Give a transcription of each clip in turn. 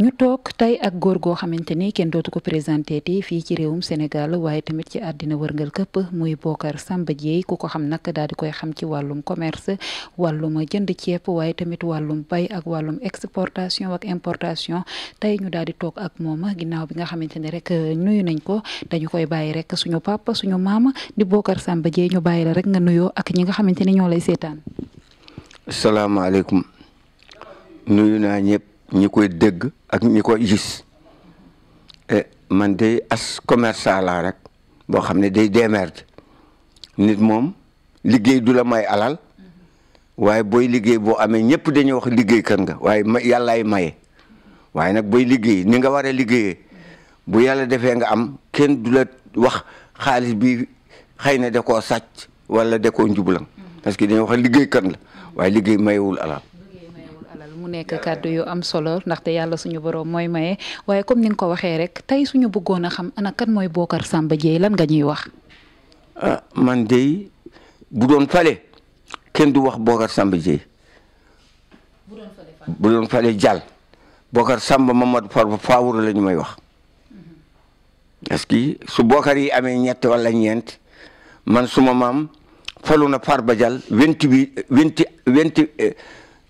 ñu toog tey ak góor goo xamante ni kenn dootu ko présenté ti fii ci réewum Sénégal waaye tamit ci àddina wërngal këpp muy Bocar sàmba Dièye ku ko xam nak daal di koy xam ci wàllum commerce wàllum jënd ceeb waaye tamit wàllum bay ak wàllum exportation ak importation tey ñu daal di toog ak moom ginnaaw bi nga xamante ne rek euh, nuyu nañ ko dañu koy bàyyi rek suñu papa suñu maam di Bocar sàmba Dièye ñu bàyyi la rek nga nuyoo ak ñi nga xamante ne ñoo lay seetaan. salaamaaleykum nuyu ñi koy dëgg ak ñi koy gis e man day as commerçant laa rek boo xam ne day démerde nit moom liggéey du la may alal waaye booy liggéey boo amee ñëpp dañuy wax liggéey kan nga waaye ma yàllaay maye waaye nag booy liggéey ni nga war a liggéeyee bu yàlla defee nga am kenn du la wax xaalis bi xëy na da koo sàcc wala da koo njublan mm-hmm. parce que dañuy wax liggéey kan la waaye liggéey mayewul alal nekk kàddu yu am solo ndaxte yàlla suñu borom mooy maye waaye comme ni ko waxee rek tey suñu bëggoon a xam ana kan mooy Bocar Samba Dièye lan nga ñuy wax. ah man de bu doon fale kenn du wax Bocar Samba Dièye. bu doon fale fànn bu doon fale jàll. Bocar Samba Mamadou Farba may wax. Mm-hmm. parce que su Bocar yi amee ñett wala ñeent man suma maam falu na Farba Dial vingt huit vingt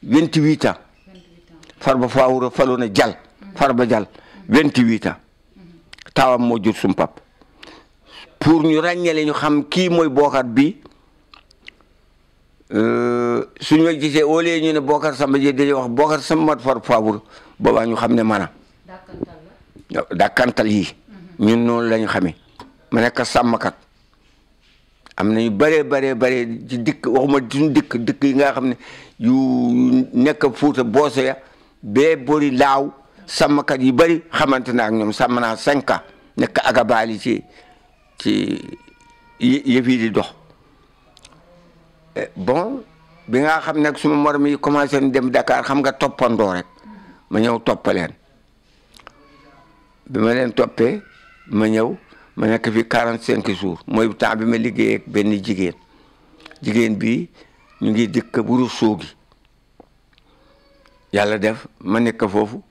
vingt eh, huit ans. Farba Fawura falu na jal Farba jal vingt-huit ans taawam moo jur sum pap pour ñu ràññale ñu xam kii mooy Bocar bi euh, suñ ma gisee au lieu ñu ne Bocar Samba Dièye dañuy wax Bocar Samba Farba Fawura boobaa ñu xam ne mana dàkkantal yi mhm. ñun noonu lañu xamee ma nekk sàmmkat am na yu bëree bëree bëree ci dikk waxuma suñu dikk dikk yi nga xam ne yu nekk Fuuta booso ya bee bori laaw sàmmkat yi bëri xamante na ak ñoom sàmm naa cinq ans nekk bali ci ci yëf yi di dox eh, bon bi nga xam ne suma morom yi commencé ñu dem Dakar xam nga toppandoo rek ma ñëw toppaleen bi ma leen toppe ma ñëw ma nekk fi quarante cinq jours mooy temps bi ma liggéeyee ak benn jigéen jigéen bi ñu ngi dëkk bu Ourossogui yàlla def ma nekk foofu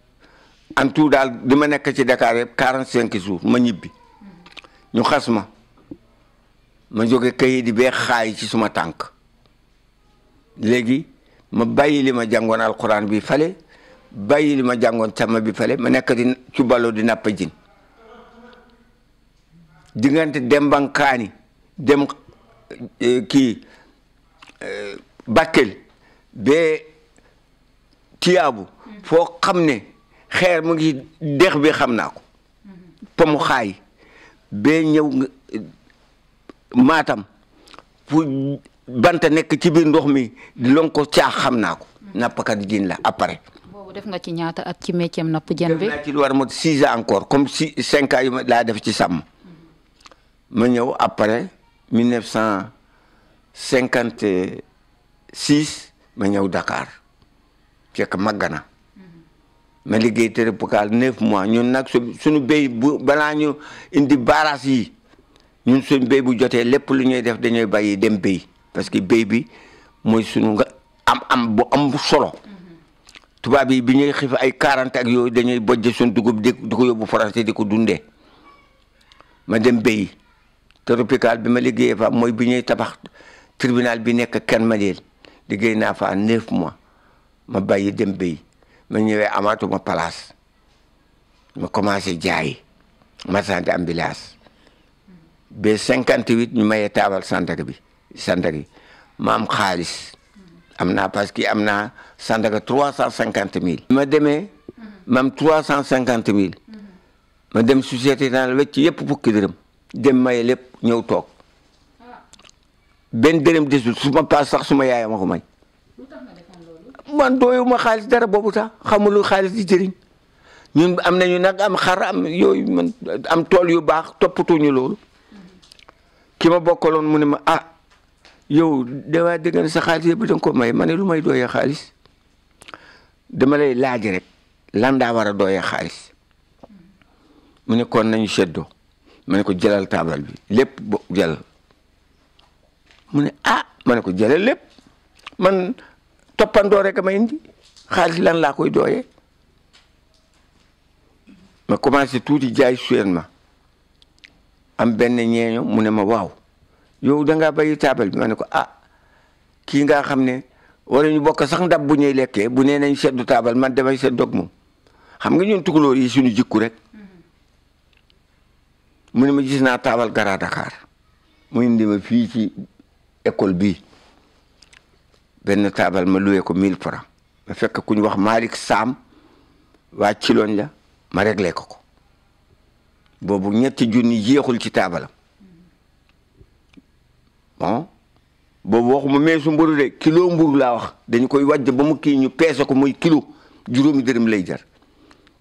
antu daal di ma nekk ci Dakar yëpp quarante cinq jours ma ñibbi ñu xas ma ma jóge kayit di bee xaay ci suma tànk léegi ma bàyyi li ma jàngoon alxuraan bi fale bàyyi li ma jàngoon càmm bi fale ma nekk di cubbaloo di nappa jin diggante dem bankaani eh, dem kii eh, Bakel bee tiyaabu foo xam ne xeer mu ngi dex bi xam naa ko pomu xaay bee ñëw maatam fu banta nekk ci biir ndox mi lon ko caax xam naa ko nappkat jin la après def nga ci ñaata at ci métier napp jën bi def naa ci lu six ans encore comme si cinq ans yu ma laa def ci sàmm ma ñëw après mille neuf cent cinquante six ma ñëw Dakar fekk màgg na ma liggéey tropicale neuf mois ñu nag suñu béy bu bala ñu indi baras yi ñu suñu béy bu jotee lépp lu ñuy def dañuy bàyyi dem béy parce que béy bi mooy suñu nga am am bu am solo tubaab bi ñuy xiif ay quarante ak yooyu dañuy bojj suñu dugub di ko yóbbu français di ko dundee ma dem béy tropicale bi ma liggéey fa mooy bi ñuy tabax tribunal bi nekk Kermadel liggéey naa fa neuf mois ma bàyyi dem béy ma ñëwee amaatuma place ma commencé jaay marchand ambulance ba cinquante huit ñu mayee taabal sandaga bi sandaga yi ma am xaalis am naa parce que am naa sandaga trois cent cinquante mille ma demee ma am trois cent cinquante mille ma dem société dans la wecc yëpp fukki dërëm dem maye lépp ñëw toog ah. benn dërëm desul su ma paas sax su ma yaay ma ko man doyuma xaalis dara boobu sax xamulu xaalis di jëriñ ñun am nañu nag am xar am yooyu man am tool yu baax toppatuñu loolu ki ma bokkoloon mu ne ma a ah, yow dawaa dégg nga ne sa xaalis yëpp da ko may ma ne lu may dooyee xaalis dama lay laaj rek lan daa war a dooyee xaalis mu ne kon nañu seddoo ma ne ko jëlal taabal bi lépp bo jëlal mu ne ah ma ne ko jëlal lépp man toppandoo rek ma indi xaalis lan laa koy dooyee ma commencé tuuti jaay suyeen ma am benn ñeeño mu ne ma waaw yow da ba bàyyi taabal bi ma ne ko ah kii nga xam ne wala ñu bokk sax ndab bu ñuy lekkee bu nee nañ seddu taabal man damay seddoog moom xam nga ñun tukulóor yi suñu jikku rek mu ne ma gis naa taabal gara Dakar mu indi ma fii ci école bii benn taabal ma loué ko 1000 francs ma fekk ku ñu wax Malick Sam waa Ciloñ la ma réglé ko ko boobu ñetti junni jeexul ci taabalam bon boobu mu meesu mburu de kilo mburu laa wax dañu koy wàjj ba mu kii ñu peese ko muy kilo juróomi dërëm lay jar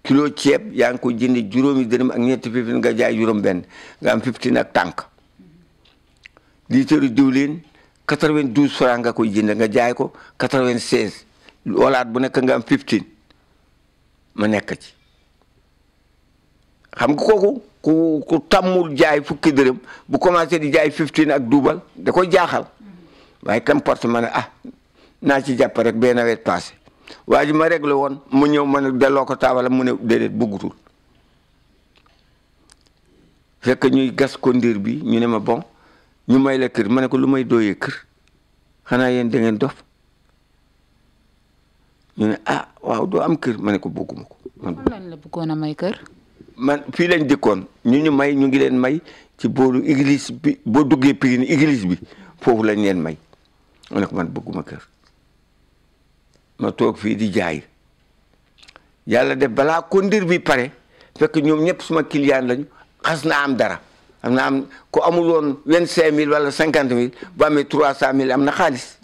kilo ceeb yaa ngi ko jënd juróomi dërëm ak ñetti fifin nga jaay juróom benn nga am fiftin ak tànk liitaru diwlin 92 francs nga koy jënd nga jaay ko 96 walaat bu nekk nga am 15 ma nekk ci xam nga kooku ku ku tàmmul jaay fukki dërëm bu commencé di jaay 15 ak duubal da ko jaaxal waaye qu'importe ma ne ah naa ci jàpp rek benn nawet passé waa ji ma réglé woon mu ñëw ma delloo ko taabalam mu ne déedéet bëggutul fekk ñuy gas ko ndiir bi ñu ne ma bon. ñu may la kër ma ne ko lu may dooyee kër xanaa yéen da ngeen ñu ne ah waaw doo am kër ma ne ko bëgguma ko. man lan la bëggoon a man fii lañ dëkkoon ñu ñu may ñu ngi leen may ci boolu église bi boo duggee Pikine église bi foofu lañ leen may ma ne man bëgguma kër ma toog fii di jaay yàlla de balaa kondir bi pare fekk ñoom ñëpp suma client lañu xas na am dara. am na am ku amul woon vingt cinq mille wala cinquante mille bu amee trois cent mille na xaalis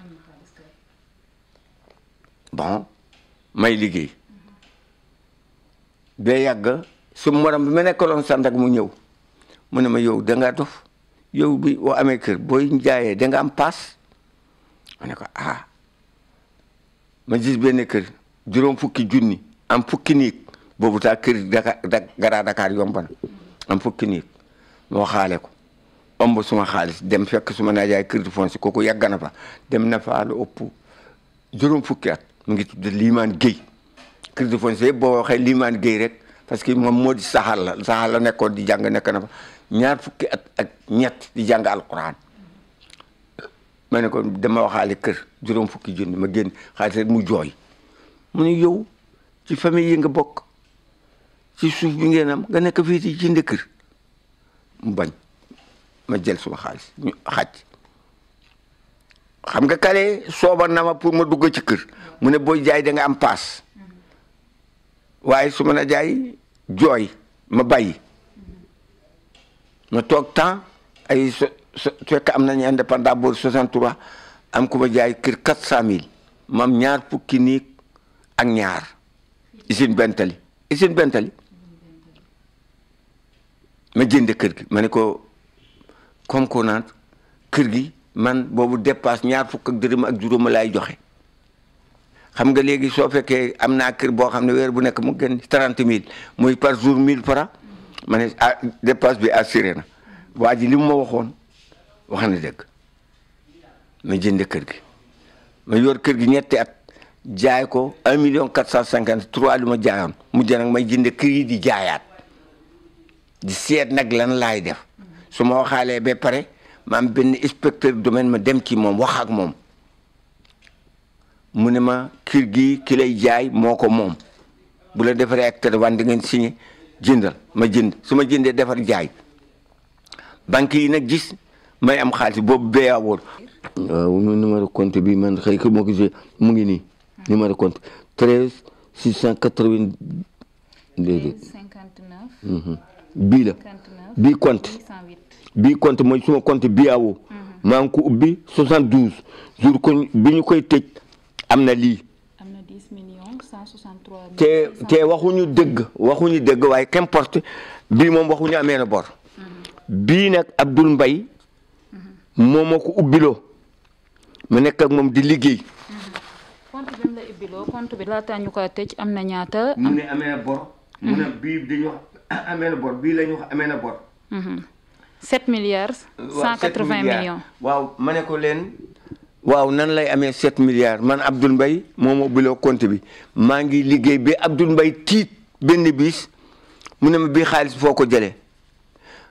may liggéey bee yàgg su morom bi ma nekkaloon Sandaga mu ñëw mu ne ma yow da ngaa dof yow bi boo amee kër booy jaayee da am pas ma ko ah ma gis benn kër juróom fukki junni am fukki niig boobu taa kër Dakar Dakar yomb na am fukki niig waxaale ko ëmb suma xaalis dem fekk suma naajaay crédit foncier kooku yàgg na fa dem na faa lu ëpp juróom at mu ngi tudd Limaan Guèye crédit foncier boo waxee Limaan Guèye rek parce que moom moo di saxaar la la nekkoon di jàng nekk na fa ñaar fukki at ak ñett di jàng alquran ma ne ko dama waxaale kër juróom fukki junni ma génn xaalis rek mu jooy mu ne yow ci famille yi nga bokk ci suuf bi ngeen am nga nekk fii ci jënd kër mu ma jël suma xaalis ñu xàcc xam nga kale sooba na ma pour ma dugg ci kër mu ne booy jaay da am paas waaye su ma jaay jooy ma bàyyi ma toog temps ay so fekk am nañu indépendant booru 63 am ku ma jaay kër 400000 ma am ñaar fukki nii ak ñaar usine bentali usine bentali ma jënd kër gi ma ne ko comme ko kër gi man boobu dépasse ñaar fukk ak dërëm ak juróoma laay joxe xam nga léegi soo fekkee am naa kër boo xam ne weer bu nekk mu gën trente mille muy par jour mille francs ma ne ah dépasse bi assuré na waa ji li mu ma waxoon wax na dëgg ma jënd kër gi ma yor kër gi ñetti at jaay ko un million quatre cent cinquante trois lu jaayoon mujj nag may jënd kër di jaayaat di seet nag lan laay def su ma waxaalee ba pare ma am benn inspecteur domaine ma dem ci moom wax ak moom mu ne ma kër gi ki lay jaay moo ko moom bu la defaree ak téléphone di ngeen signé jëndal ma jënd su ma jëndee defar jaay banque yi nag gis may am xaalis boobu bee woon. waaw numéro compte bi man xëy ko moo ko gisee mu ngi nii numéro compte 13 680 59. bii la bii compte bii compte mooy suma compte bi awo mm-hmm. maa ngi ko ubbi 72 ko bi ñu koy tëj am na lii te te waxuñu dëgg waxuñu dëgg waaye qu'importe bii moom waxuñu amee na bor mm-hmm. bii nag Abdoul Mbaye moom mm-hmm. moo ko ubbiloo mu nekk ak moom di liggéey am na ñaata amee na bii la amee na bor. 7 mhm. milliards. 180 millions waaw ma ne ko leen. waaw nan lay amee 7 milliards man Abdoul Mbaye moom moo biloo compte bi maa ngi liggéey ba Abdoul mbay tiit benn bis mu ne ma bii xaalis foo ko jële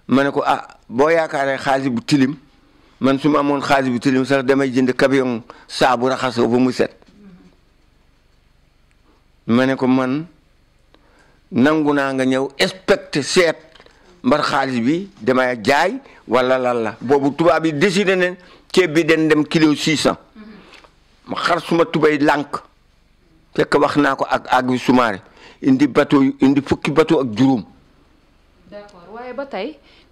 ma ne ko ah boo yaakaaree xaalis bu tilim man su ma amoon xaalis bu tilim sax damay jënd camion saabu raxasoo ba mu set ma ko man. nangu naa nga ñëw expecté seet mbar xaalis bi dema jaay walla lan la boobu tubaab bi décidé ne ceeb bi den dem kilo 600 ma xar suma tubay lànk fekk wax naa ko ak ak bi sumaare indi bateau indi fukki bateau ak juróom.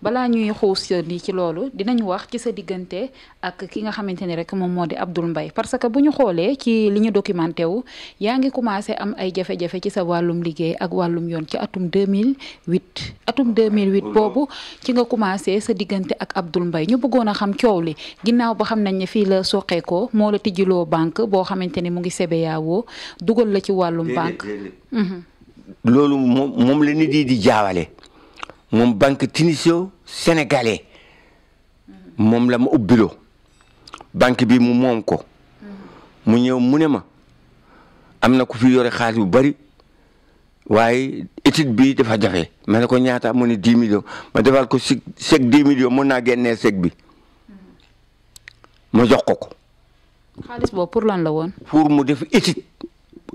balaa ñuy xuus ni ci loolu dinañ wax ci sa diggante ak ki nga xamante ni rek moom moo di Abdoul mbay parce que bu ñu xoolee ci li ñu documenté wu yaa ngi commencé am ay jafe-jafe ci sa wàllum liggéey ak wàllum yoon ci atum 2008 atum 2008 boobu ci nga commencé sa diggante ak Abdoul mbay ñu bëggoon a xam coow li ginnaaw ba xam nañ ne fii la soqeekoo moo la tijjiloo banque boo xamante ni mu ngi CBAO dugal la ci wàllum banque mhm. loolu moom moom la di jaawale moom banque tunisio sénégalais moom la ma ubbiloo banque bi mu moom ko mu ñëw mu ne ma am na ku fi yore xaalis bu bari waaye étude bii dafa jafe ma ne ko ñaata mu ne dix ma defal ko si chèque dix millions mën naa génnee chèque bi ma jox ko ko. xaalis boobu pour lan la woon. pour mu def étude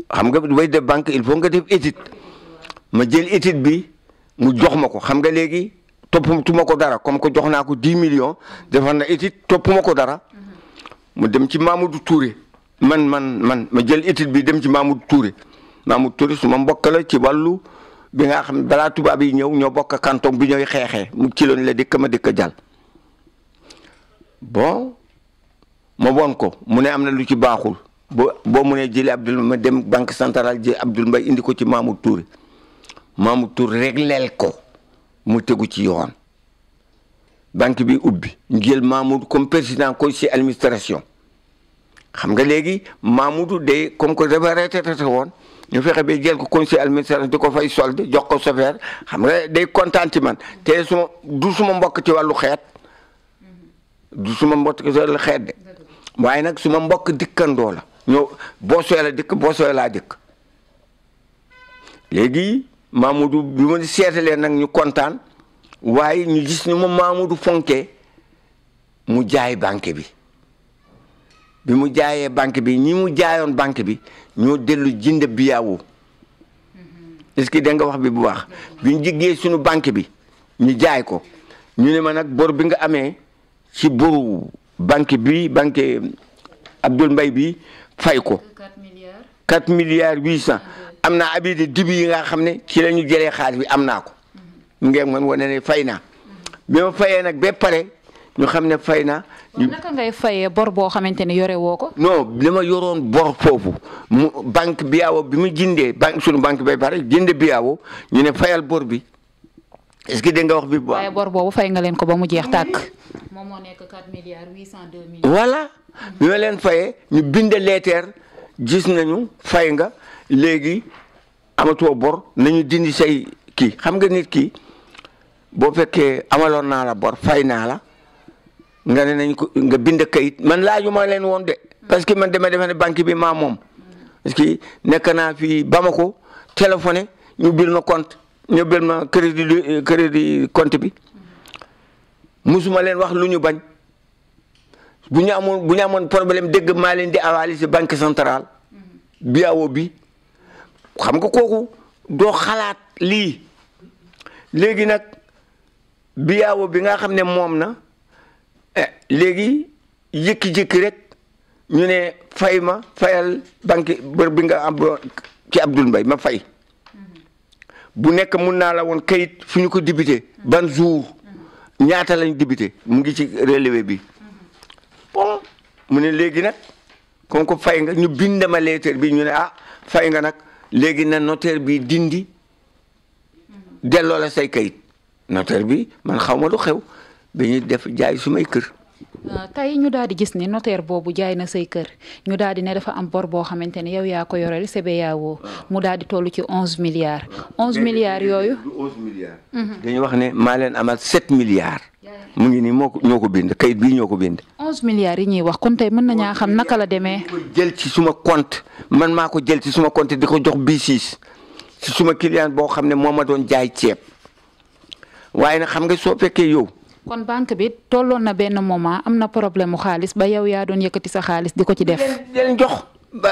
xam nga bay def banque il faut nga def étude ma jël étude bi. mu jox ma ko xam nga léegi toppatuma ko dara comme que jox naa ko 10 million defar na étude toppuma ko dara mu dem ci Mamadou Touré man man man ma jël étude bi dem ci Mamadou Touré Mamadou Touré su ma mbokk ci wàllu bi nga xam balaa tubaab yi ñëw ñoo bokk canton bi ñooy xeexee mu ci loon la dëkk ma dëkk jàll bon ma won ko mu ne am na lu ci baaxul boo boo mu ne jëli Abdoul ma dem banque centrale jëli Abdoul Mbaye indi ko ci Mamadou Touré Mamour Touré régleel ko mu tegu ci yoon banque bi ubbi ñu jël Mamour comme président conseil administration xam nga léegi Mamour day comme que dafa retraité woon ñu fexe ba jël ko conseil administration di ko fay solde jox ko chauffeur xam nga day kontaan man te suma du suma mbokk ci wàllu xeet du suma mbokk ci wàllu xeet de waaye nag suma mbokk dikkandoo la ñoo boo sooy la dikk boo sooy laa dikk léegi. du bi ma seetalee nag ñu kontaan waaye ñu gis ni ma du fonke mu jaay banque bi bi mu jaayee banque bi ñi mu jaayoon banque bi ñoo dellu jënd biyaawu mm-hmm. est-ce que da nga wax bi bu baax mm-hmm. bi jiggee suñu banque bi ñu jaay ko ñu ne ma nag bor bi nga amee si boru banque bi banque Abdoul mbay bi fay ko 4 milliards am na abidi dibi yi nga xam ne ci la ñu jëlee xaalis bi am naa ko mu ngeeg man wane ne fay na bi ma fayee nag ba pare ñu xam ne fay na naka fayee bor boo xamante ne yore woo ko. non li ma yoroon bor foofu mu banque biawo bi mu jindee banque sunu banque bay pare jënd biawo ñu ne fayal boor bi est-ce que dégg nga wax bi. bu boobu fay nga leen ko ba mu jeex tàkk. moom moo nekk 4 milliards 802 millions. voilà bi ma leen fayee ñu bind leeteer gis nañu fay nga. léegi amatoo bor nañu dindi say kii xam nga nit ki boo fekkee amaloon naa la bor fay naa la nga ne nañ ko nga bind kayit man laaju ma leen woon de parce que man dama defe ne banque bi maa moom parce que nekk naa fii Bamako téléphoné ñu bil na compte ñu bil ma crédit euh, crédit compte bi musuma leen wax lu ñu bañ bu ñu amoon bu ñu amoon problème dégg maa leen di avali si banque centrale mm-hmm. biawo bi xam nga kooku doo xalaat lii léegi nag bi biyaawo bi nga xam ne moom na eh, léegi jékki-jékki rek ñu ne fay ma fayal banque bër bi nga am ci Abdoul ma fay mm-hmm. bu nekk mun naa la woon kayit fu ñu ko débité mm-hmm. ban jour mm-hmm. ñaata lañ débité mu ngi ci relevé bi mu ne léegi nag kon ko fay nga ñu bind ma lettre bi ñu ne ah fay nga nag léegi na notaire bi dindi delloo la say kayit notaire bi man xaw ma lu xew bi ñuy def jaay sumay kër Euh, tey ñu daal di gis ni notaire boobu jaay na say kër ñu daal di ne dafa am bor boo xamante ne yow yaa ko yoreel CBAO ah. mu daal di toll ci onze milliards. Ah. onze milliards yooyu. onze mhm. dañu wax ne maa leen amal sept milliards. mu ngi nii moo ko bind kayit bii ñoo ko bind. onze milliards yi ñuy wax kon tey mën nañaa xam naka la demee. jël ci suma compte man maa ko jël ci suma compte di ko jox bis 6 ci suma client boo xam ne moo ma doon jaay ceeb waaye nag xam nga soo fekkee yow. kon banque bi tolloon na benn moment am na problème mu xaalis ba yow yaa doon yëkkati sa xaalis di ko ci def. leen jox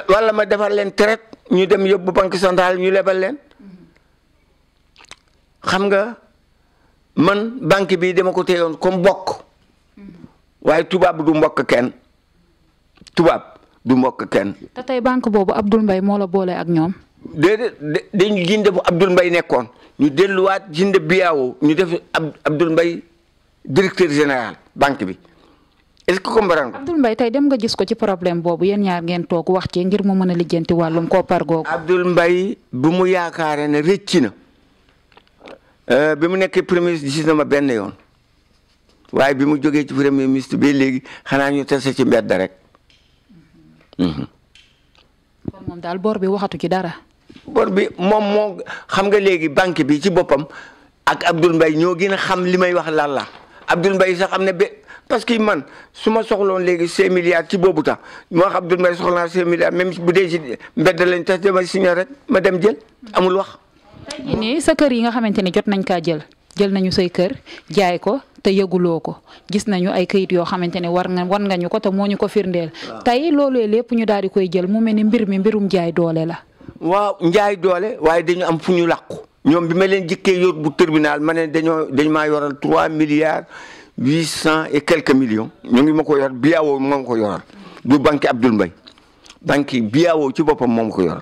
wala ma defar leen traite ñu dem yóbbu banque centrale ñu lebal leen xam nga man banque bi dama ko téyoon comme bokk waaye tubaab du mbokk kenn tubaab du mbokk kenn. te tey banque boobu Abdoul Mbaye moo la boole ak ñoom. déedéet dañu jinde bu Abdoul mbay nekkoon ñu delluwaat jinde biyaawu ñu def Abdoul mbay directeur général banque bi est-ce que comprendre nga. Abdoul Mbaye tey dem nga gis ko ci problème boobu yéen ñaar ngeen toog wax ci ngir mu mën a lijjanti wàllum koppar googu. Abdoul Mbaye bu mu yaakaaree ne rëcc na euh, bi mu nekk premier ministre gis na ma benn yoon waaye bi mu jógee ci premier ministre bi léegi xanaa ñu tase ci mbedd rek. Mhm. kon daal bor bi waxatu ci dara. bi moom moo xam nga léegi banque bi ci boppam ak Abdoul Mbaye ñoo gën a xam li may wax lan Abdoul Mbaye sax am na bé parce que man su ma soxloon léegi cinq milliards ci boobu tax moo wax Abdoul Mbaye soxla naa cinq milliards même bu dee ci mbedd lañ tas dama signé rek ma dem jël amul wax. tey sa kër yi nga xamante ne jot nañ kaa jël jël nañu say kër jaay ko te yëguloo ko gis nañu ay kayit yoo xamante ne war nga war nga ñu ko te moo ñu ko firndeel. tey loolee lépp ñu daal di koy jël mu mel ni mbir mi mbirum jaay doole la. waaw njaay doole waaye dañu am fu ñu làqu ñoom bi ma leen jëkkee yor bu terminal ma dañoo dañ maa yoral trois milliards huit cent et quelques millions ñu ngi ma ko yor biyaawoo moom ko yoral du banque Abdoul Mbaye banque biyaawoo ci boppam moom ko yoral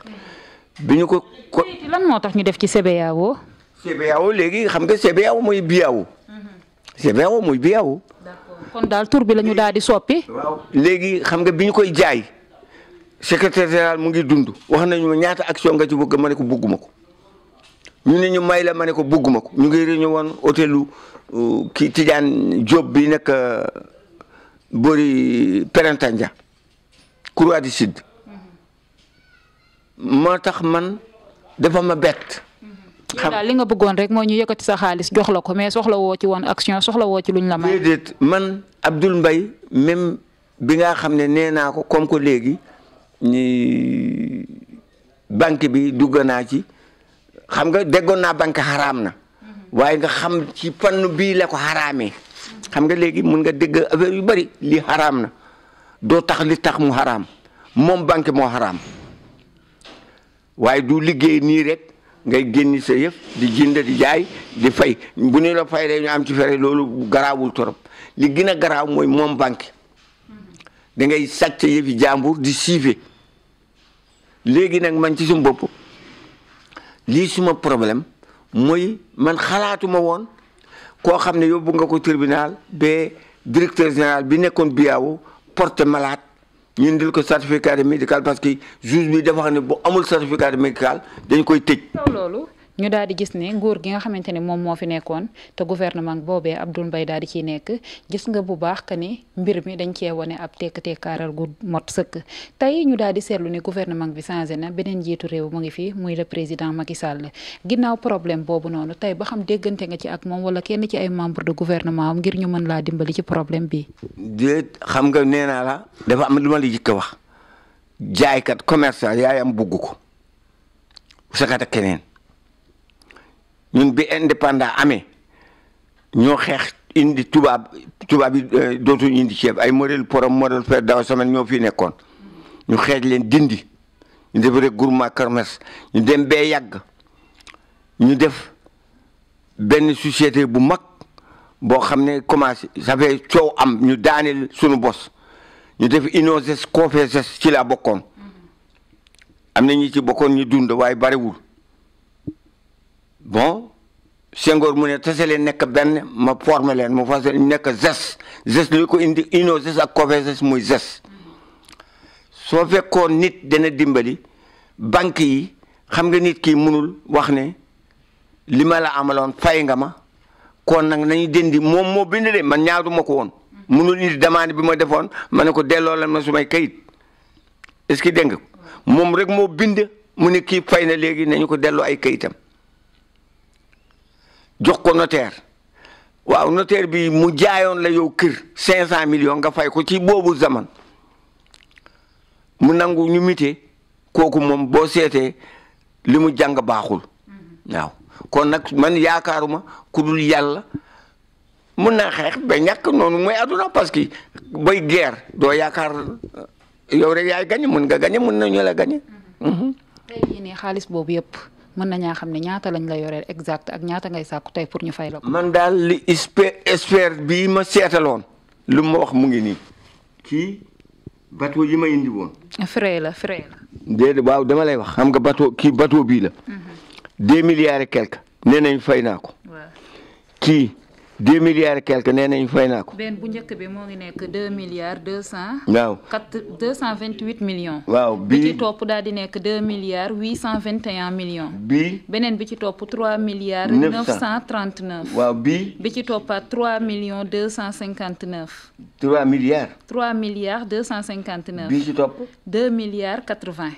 bi ñu ko. lan moo tax ñu def ci CBAO. CBAO léegi xam nga CBAO mooy biyaawoo. CBAO mooy biyaawoo. d'accord kon daal bi la ñu daal di soppi. waaw léegi xam nga bi ñu koy jaay secrétaire général mu ngi dund wax nañu ma ñaata action nga ci bëgg ma ne ko bugguma ko. ñu ne ñu may la ma ne ko bugguma ko ñu ngi réunion woon hôtelu euh, ki Tidiane Diop bi nekk euh, boori Perentanja Croix du Sud mm-hmm. moo tax man dafa ma bett. Mm-hmm. xam daal li nga bëggoon rek moo ñu yëkkati sa xaalis jox ko mais soxla woo ci woon action soxla ci luñ la may. déedéet man Abdoul mbay même bi nga xam ne nee naa ko comme que léegi ni banque bi dugg naa ci. xam nga déggoon naa banque xaraam na waaye nga xam ci fànn bii la ko xaraamee xam nga léegi mun nga dégg affaire yu bëri lii xaraam na doo tax li tax mu xaraam moom banque moo xaraam waaye du liggéey nii rek ngay génni sa yëf di jënd di jaay di fay bu ñu la fay rek ñu am ci fere loolu garaawul torop li gën a garaaw mooy moom banque da ngay sàcc yëfi jàmbur di siife léegi nag man ci suñu bopp lii suma problème mooy man xalaatuma woon koo xam ne yóbbu nga ko tribunal ba directeur général bi nekkoon biyaawu porte malade ñu indil ko certificat médical parce que juge bi dafa xam ne bu amul certificat médical dañ koy tëj. loolu. ñu daal di gis ne nguur gi nga xamante ne moom moo fi nekkoon te gouvernement boobee Abdoul mbay daal di ciy nekk gis nga bu baax que ni mbir mi dañ cee wane ab tekk-tekkaaral gu mot sëkk tey ñu daal di seetlu ne gouvernement bi changé na beneen jiitu réew mu ngi fi muy le président Macky Sall ginnaaw problème boobu noonu tey ba xam déggante nga ci ak moom wala kenn ci ay membre de gouvernement am ngir ñu mën dimbali ci problème bi. déet xam nga nee la dafa am lu ma la jëkk wax jaaykat commerçant yaayam bugg ko ñun bi indépendant amee ñoo xeex indi tubaab tubaab yi euh, dootuñu indi ceeb ay modèle porom modèle fer daw semaine ñoo fi nekkoon ñu xeej leen dindi ñu def regroupement kermesse ñu dem bee yàgg ñu def benn société bu mag boo xam ne commencé ça coow am ñu daaneel sunu bos ñu def inoses coofeses ci laa bokkoon mm-hmm. am na ñi ci bokkoon ñu dund waaye bariwul bon Senghor mu ne tase leen nekk benn ma formé leen mu fas nekk ZES ZES li ko indi UNOZES ak COVEZES muy ZES soo fekkoon nit dana dimbali banque yi xam nga nit ki mënul wax ne li ma la amaloon fay nga ma kon nag nañu dindi moom moo bind de man ñaaruma ko woon mënul indi demande bi ma defoon ma ne ko delloo la ma sumay kayit est-ce que dégg nga moom rek moo bind mu ne kii fay na léegi nañu ko delloo ay kayitam jox ko notaire waaw notaire bi mu jaayoon la yow kër cinq cent millions nga fay ko ci boobu zaman mu nangu ñu mite kooku moom boo seetee li mu jàng baaxul mm-hmm. waaw kon nag man yaakaaruma ku dul yàlla mun na xeex ba ñàkk noonu mooy àdduna parce que bay guerre doo yaakaar yow rek yaay gañe mun nga gañe mun nañu la gañe mm-hmm. mm-hmm. tey jii nii xaalis boobu yëpp mën nañaa xam ne ñaata lañ la yoreel exact ak ñaata ngay sàkku tey pour ñu fay la ko. man daal li expert bii ma seetaloon lu ma wax mu ngi nii. ci bateau yi ma indi frais la frais la. déedéet waaw dama lay wax. xam nga bateau kii bato bii la. Mhm. deux milliards quelque. nee nañ fay naa ko. kii deux milliards et quelque nee nañu fay naa ko. benn bu njëkk bi moo ngi nekk deux milliards deux cent. waaw cent vingt huit millions. waaw bi ci topp daal di nekk deux milliards huit cent vingt et un millions. beneen bi ci topp trois milliards. neuf cent trente neuf. bi ci toppaat trois millions deux cent cinquante neuf. trois milliards. trois milliards deux cent cinquante neuf. bii ci topp. deux milliards quatre vingt.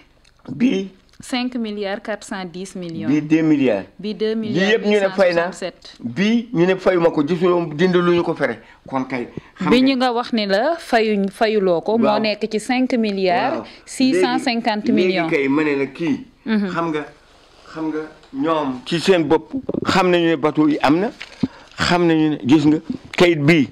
cinq milliards quatre cent dix millions. bii deux milliards. bii deux milliards yëpp ñu ne fay na bii ñu ne fayuma ko gisuloo dindi lu ñu ko fere kon kay. bi ñu nga wax ni la fayuñ fayuloo ko. moo nekk ci cinq milliards. six cent cinquante millions léegi kay ma ne la kii. Mhm. xam nga xam nga ñoom. ci seen bopp xam nañu ne bateau yi am na xam nañu ne gis nga kayit bi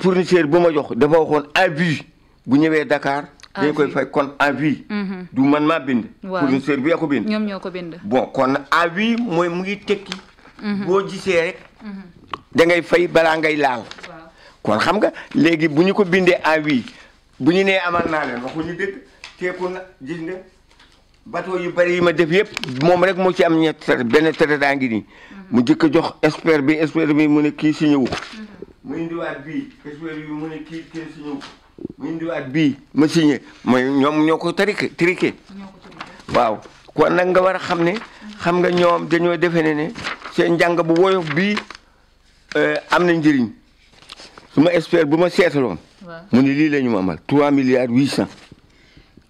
fournisseur bu ma jox dafa waxoon avis bu ñëwee dakaar dañ koy fay kon à vie. Mhm. du man maa bind. fournisseur bi yaa ko bind. ñoom ñoo ko bind. bon kon à mooy mu ngi tekki. Mhm. boo gisee rek. Mhm. da ngay fay balaa ngay laal. kon xam nga léegi bu ñu ko bindee à bu ñu nee amal naa leen waxuñu dëgg teeku na gis nga bateau yu bari yi ma def yëpp moom rek moo ci am ñett benn traité ngi nii. mu jëkk jox expert bi expert bi mu ne kii si ñëw. mu indiwaat bii expert bi mu ne kii kii si ñëw. mu indiwaat bii ma signé mooy ñoom ñoo ko triqué triqué waaw kon nag nga war a xam ne xam nga ñoom dañoo defe ne ne seen njàng bu woyof bii eh, am na njëriñ su ma expert bu ma seetaloon mu ni lii la ñu ma amal trois milliards huit cent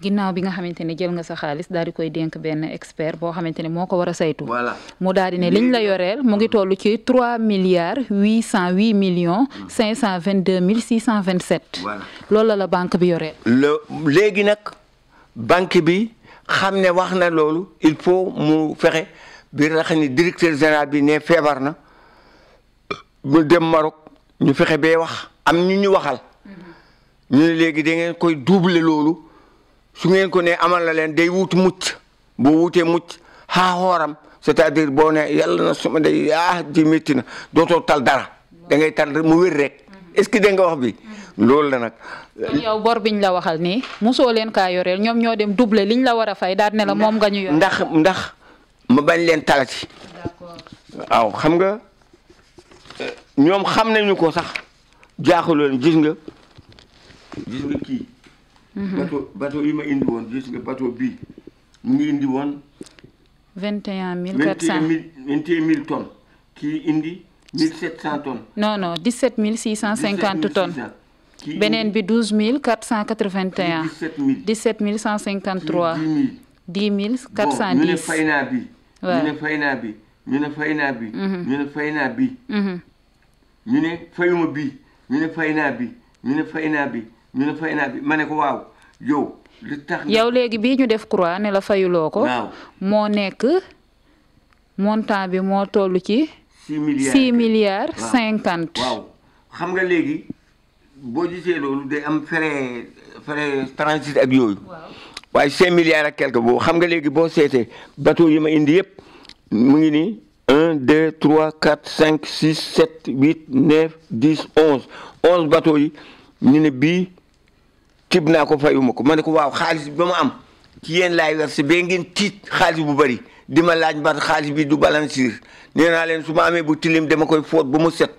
ginnaaw bi nga xamante ne jël nga sa xaalis daal di koy dénk benn expert boo xamante ne moo ko war a saytu. voilà mu daal di ne liñ la yoreel mu ngi toll ci trois milliards huit cent huit million cinq cent vingt deux mille six cent vingt sept. loolu la la banque bi yoreel. léegi nag banque bi xam ne wax na loolu il faut mu fexe bi nga xam ne directeur général bi ne feebar na mu dem Maroc ñu fexe bee wax am ñu ñu waxal mm-hmm. ñu ne léegi koy doubler loolu. su ko ne amal na leen day wut mucc boo wutee mucc xaa xooram c'est-à-dire boo ne yàlla na suma day ah ji métti na dootoo tal dara da ngay tal mu wér rek mm-hmm. est-ce que danga nga wax bi mm-hmm. loolu la nag. yow bor biñ la waxal nii mosoo leen kaa yoreel ñoom ñoo dem doublé liñ la war a fay daal ne la moom nga ñu yore. ndax ndax ma bañ leen talati. waaw xam nga ñoom xam nañu ko sax jaaxul leen nga gis Mhm. bateau bateau yi ma indi woon vingt et un mille quatre cent vingt et un mille kii indi mille sept cent tonnes. non non dix sept mille six cent cinquante tonnes. beneen bi douze mille quatre cent quatre vingt et un. dix sept mille cent cinquante trois. dix mille quatre cent dix. ñu ne bi. waaw ñu naa bi ñu ne bi. ñu ne bi. Mhm. ñu ne ma ne ko waaw yow. li tax yow léegi bii ñu def croix ne la fayuloo ko. moo nekk montant bi moo toll ci. six milliards six milliards cinquante. xam nga léegi boo gisee loolu day am frais frais transit ak yooyu. waaye cinq milliards ak quelque boo xam nga léegi boo seetee bateau yi ma indi yëpp mu ngi nii un deux trois quatre cinq six sept huit neuf dix onze onze bateau yi ñu ne bii. tib naa ko fayuma ko ma ne ko waaw xaalis bi ba ma am ci yéen laay versé ba ngeen tiit xaalis bu bëri di ma laaj mbar xaalis bi du balansir nee naa leen su ma amee bu tilim dama koy fóot ba mu set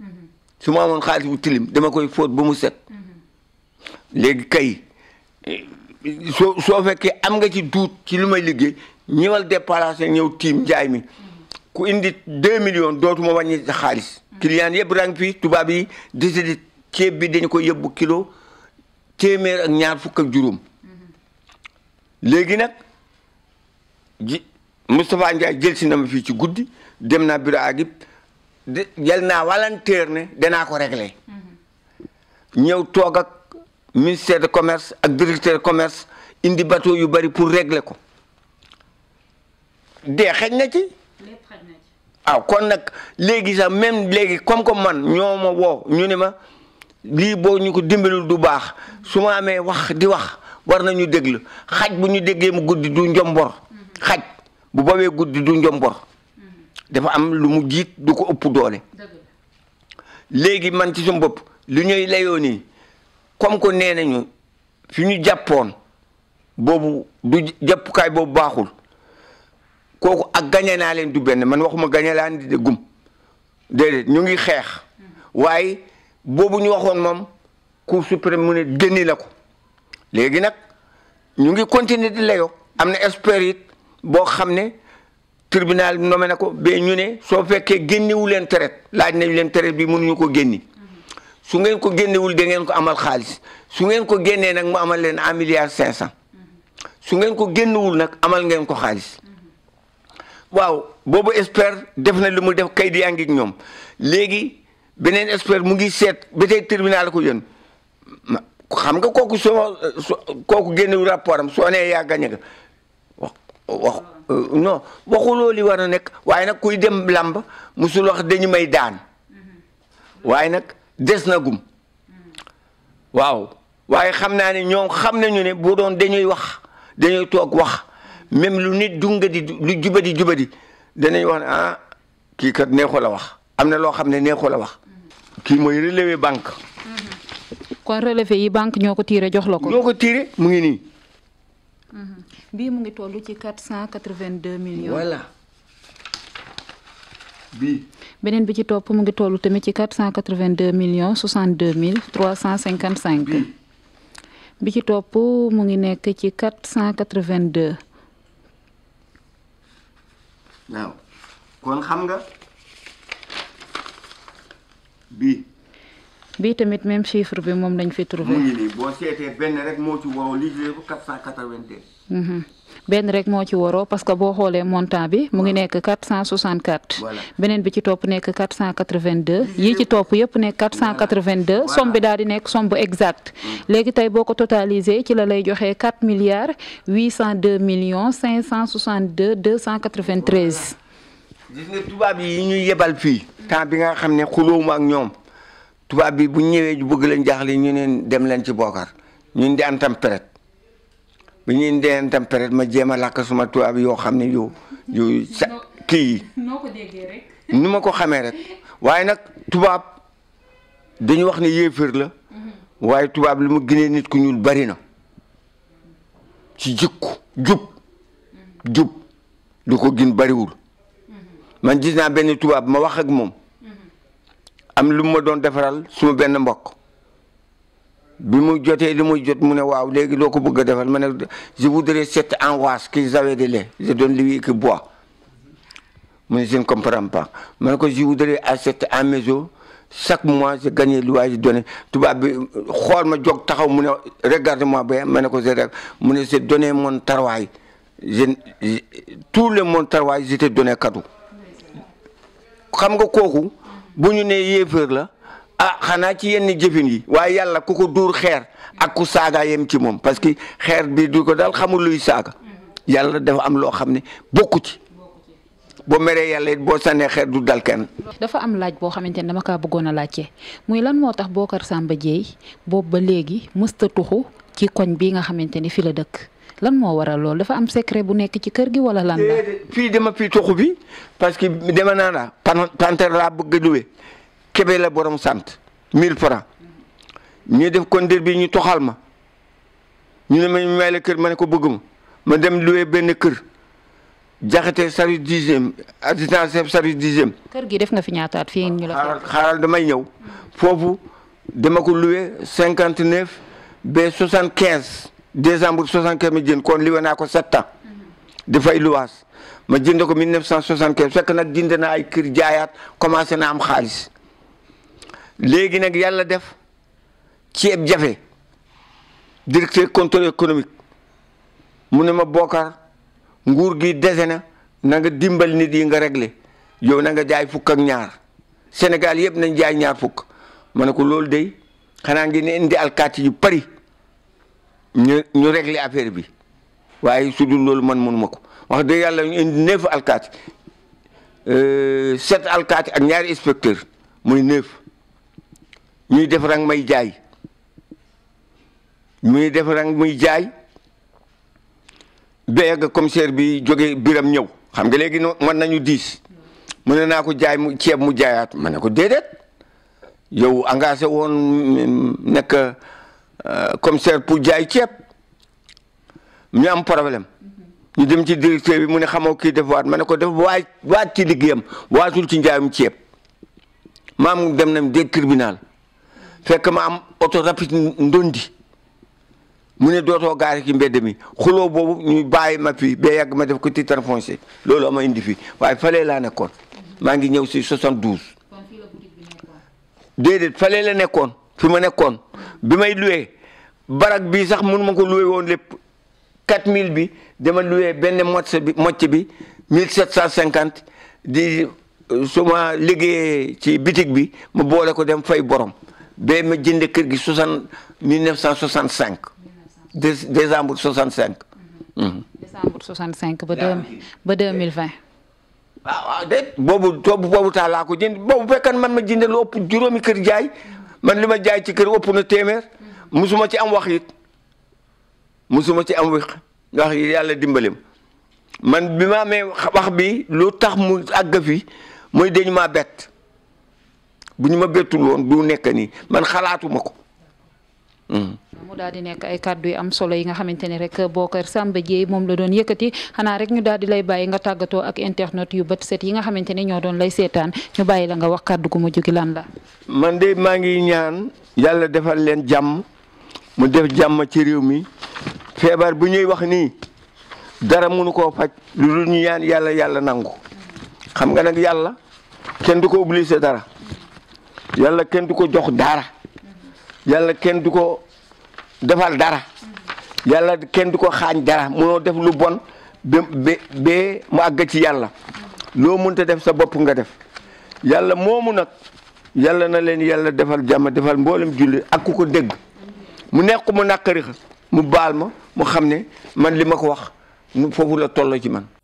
mm-hmm. su ma amoon xaalis bu tilim dama koy fóot ba mu set mm-hmm. léegi kay soo soo fekkee am nga ci duut ci li may liggéey ñëwal déplacé ñëw tiim njaay mi mm-hmm. ku indi deux millions dootuma wàññi sa xaalis client yëpp rang fii tubaab yi décidé ceeb bi dañu ko yóbbu kilo téeméer ak ñaar fukk ak juróom léegi nag ji Moustapha Ndiaye jël si na ma fii ci guddi dem naa bureau agib di jël naa volontaire ne danaa ko réglé ñëw toog ak ministère de commerce ak directeur commerce indi bateau yu bari pour régler ko dee xej na ci waaw kon nag léegi sax même léegi comme comme man ñoo ma ñu ne ma lii boo ñu ko dimbalul du baax su ma amee wax di wax war nañu déglu xaj bu ñu déggee mu guddi du njombor xaj bu bawee guddi du njombor dafa am lu mu jiit du ko ëpp doole léegi man ci suñu bopp lu ñuy layoo nii comme que nee nañu fi ñu jàppoon boobu du jàppukaay boobu baaxul kooku ak gañe naa leen du benn man waxuma gañe laa ni de ñu ngi xeex waaye boobu ñu waxoon moom cour suprême mu ne dënni la ko léegi nag ñu ngi continuer di layo am na expert boo xam ne tribunal nommé na ko be ñu ne soo fekkee génnewu leen traite laaj nañu leen traite bi mënuñu ko génni su ngeen ko génnewul da ngeen ko amal xaalis su ngeen ko génnee nag mu amal leen un milliard cinq cent su ngeen ko génnewul nag amal ngeen ko xaalis waaw boobu expert def na lu mu def kay di ànd ak ñoom léegi beneen expert mu ngi seet ba tey tribunal la ko yoon xam nga kooku soo kooku génnewu rapport am soo nee yaa gañe nga wax wax euh, non waxuloo li war a nekk waaye nag kuy dem làmb musul wax dañu may daan waaye nag des na waaw waaye xam naa ne ñoom xam nañu ne boo doon dañuy wax dañuy toog wax même lu nit dunga di lu jubadi jubadi danañ wax ne ah kii kat neexoo a wax am na loo xam ne neexoo a wax kii mooy relevé banque. Mm-hmm. kon relevé yi banque ñoo ko tiire jox la ko. ñoo ko tiire mu ngi nii. Mm-hmm. bii mu ngi toll ci quatre cent quatre-vingt-deux millions. voilà beneen bi ci topp mu ngi toll tamit ci quatre cent quatre-vingt-deux millions soixante-deux mille trois cent cinquante-cinq. bi ci topp mu ngi nekk ci quatre cent quatre-vingt-deux. waaw kon xam nga. bii. tamit même chiffre bi moom lañ fi trouvé. benn rek moo ci waroo lii mhm. parce que boo xoolee montant bi mu ngi nekk quatre cent soixante quatre. beneen bi ci topp nekk quatre cent quatre-vingt-deux yii ci topp yëpp nekk quatre cent quatre-vingt-deux somme bi daal di nekk somme bu exact mm. léegi tey boo ko totalisé ci la lay joxe quatre milliards huit cent deux millions cinq cent soixante gis nga tubaab yi ñu yebal fii temps bi nga xam ne xulóomu ak ñoom tubaab bi bu ñëwee ñu bëgg leen jaaxle ñu neen dem leen ci bookar ñun di antam peret bu ñuy di antam peret ma jéem a làkk suma tubaab yoo xam ne yow yow sa kii noo ko ma ko xamee rek waaye nag tubaab dañu wax ne yéeféer la mm-hmm. waaye tubaab li mu ginee nit ku ñuul bari na ci jikku jub mm-hmm. jub lu ko gën bariwul man gis naa benn tubaab ma wax ak moom am lu ma doon defaral suma benn mbokk bi mu jotee li muy jot mu ne waaw léegi loo ko bëgg a defal ma ne je voudrais cette angoisse qu'ils avaient de lait je donne lui qui boit mu ne je ne ma ne ko je voudrais à cette en maison chaque mois je gagne lu waay donné tubaab bi xool ma jóg taxaw mu ne regarde moi ba ma ne ko je mu ne mon travail je tout le mon travail j'étais donné cadeau xam nga kooku bu ñu nee yéeféer la ah xanaa ci yenn jëfin yi waaye yàlla ku ko duur xeer ak ku saaga yem ci moom parce que xeer bi du ko daal xamul luy saaga yàlla dafa am loo xam ne bokku ci boo meree yàlla it boo sànnee xeer du dal kenn. dafa am laaj boo xamante ni dama kaa bëggoon a laajte muy lan moo tax Bocar sàmba Dièye boobu ba léegi mësta tuxu ci koñ bii nga xamante ni fi la dëkk. lan moo waral loolu dafa am secret bu nekk ci kër gi wala lan la. fii dema fii toxu bi parce que dama naa la panter laa bëgg luwe kebe la borom sant mille francs ñu def kon dër bi ñu toxal ma ñu ne ma ñu may la kër ma ne ko bëgg ma ma dem luwe benn kër jaxate sari dixième assistant chef service kër gi def nga fi ñaataat fii ñu la. xaaral xaaral damay ñëw foofu dama ko luwe cinquante neuf ba soixante quinze. décembre 75 ma jënd kon liwe naa ko sept ans mm-hmm. dafay luwaas ma jënd ko 1975 fekk nag jënd naa ay kër jaayaat commencé na am xaalis léegi nag yàlla def ceeb jafe directeur contrôle économique mu ne ma bokkar nguur gi dese na na nga dimbal nit yi nga réglé yow na nga jaay fukk ak ñaar Sénégal yëpp nañ jaay ñaar fukk ma ne ko loolu day xanaa ngi ne indi alkaati yu bari ñu ñu affaire bi waaye su loolu man mënuma ko wax dëgg yàlla ñu indi neuf alkaati euh, sept alkaati ak ñaari inspecteur muy neuf ñuy def rang may jaay muy def muy jaay ba yegg commissaire bi jóge biram ñëw xam nga léegi mën nañu diis mu ne naa ko jaay mu ceeb mu jaayaat ma ne ko déedéet yow engagé woon mm, nekk Euh, commissaire pour jaay ceeb ñu am problème ñu dem ci directeur bi mu ne xamoo kii def waat ma ne ko def waaj waat ci liggéeyam waatul ci njaayum ceeb maam dem na nañ de tribunal fekk ma am auto rapide ndondi mu ne dootoo gaare ki mbedd mi xuloo boobu ñu bàyyi ma fi ba yàgg ma def ko titre foncier loolu ama indi fi waaye fa laa nekkoon maa ngi ñëw si 72 déedéet falee nekkoon fi ma nekkoon bi may luwee barak bii sax mënu ma ko loué woon lépp 4000 bi dama loué benn mocc bi mocc bi 1750 di euh, su ma liggéeyee ci bitig bi ma boole ko dem fay borom ba ma jënd kër gi 60 1965 décembre 65. Mhm. Mhm. décembre 65 ba 2000 ba 2020. waaw waaw déet boobu boobu taal laa ko jënd boobu fekkan man ma jënd lu ëpp juróomi kër jaay. man li ma jaay ci kër ëpp na téeméer musuma ci am wax it musuma ci am wax wax yi yàlla dimbalim man bi ma amee wax bi lu tax mu àgg fi mooy dañu ma bett bu ñu ma bettul woon du nekk ni man xalaatuma ko. Hmm. mu daal di nekk ay kàddu yu am solo yi nga xamante ne rek Bocar Samba Dièye moom la doon yëkkati xanaa rek ñu daal di lay bàyyi nga tàggatoo ak internet yu bët set yi nga xamante ne ñoo doon lay seetaan ñu bàyyi la nga wax kàddu gu mujj gi lan la. man de maa ngi ñaan yàlla defal leen jàmm mu def jàmm ci réew mi feebar bu ñuy wax nii dara mënu ko faj lu dul ñu ñaan yàlla yàlla nangu xam nga nag yàlla kenn du ko obligé dara yàlla kenn ko jox dara yàlla kenn ko defal dara yàlla kenn du ko xaañ dara munoo def lu bon ba ba mu àgg ci yàlla loo mënta def sa bopp nga def yàlla moomu nag yàlla na leen yàlla defal jàmm defal mboolem julli ak ku ko dégg mu nekk mu naqari mu baal ma mu xam ne man li ma ko wax mu foofu la toll ci man.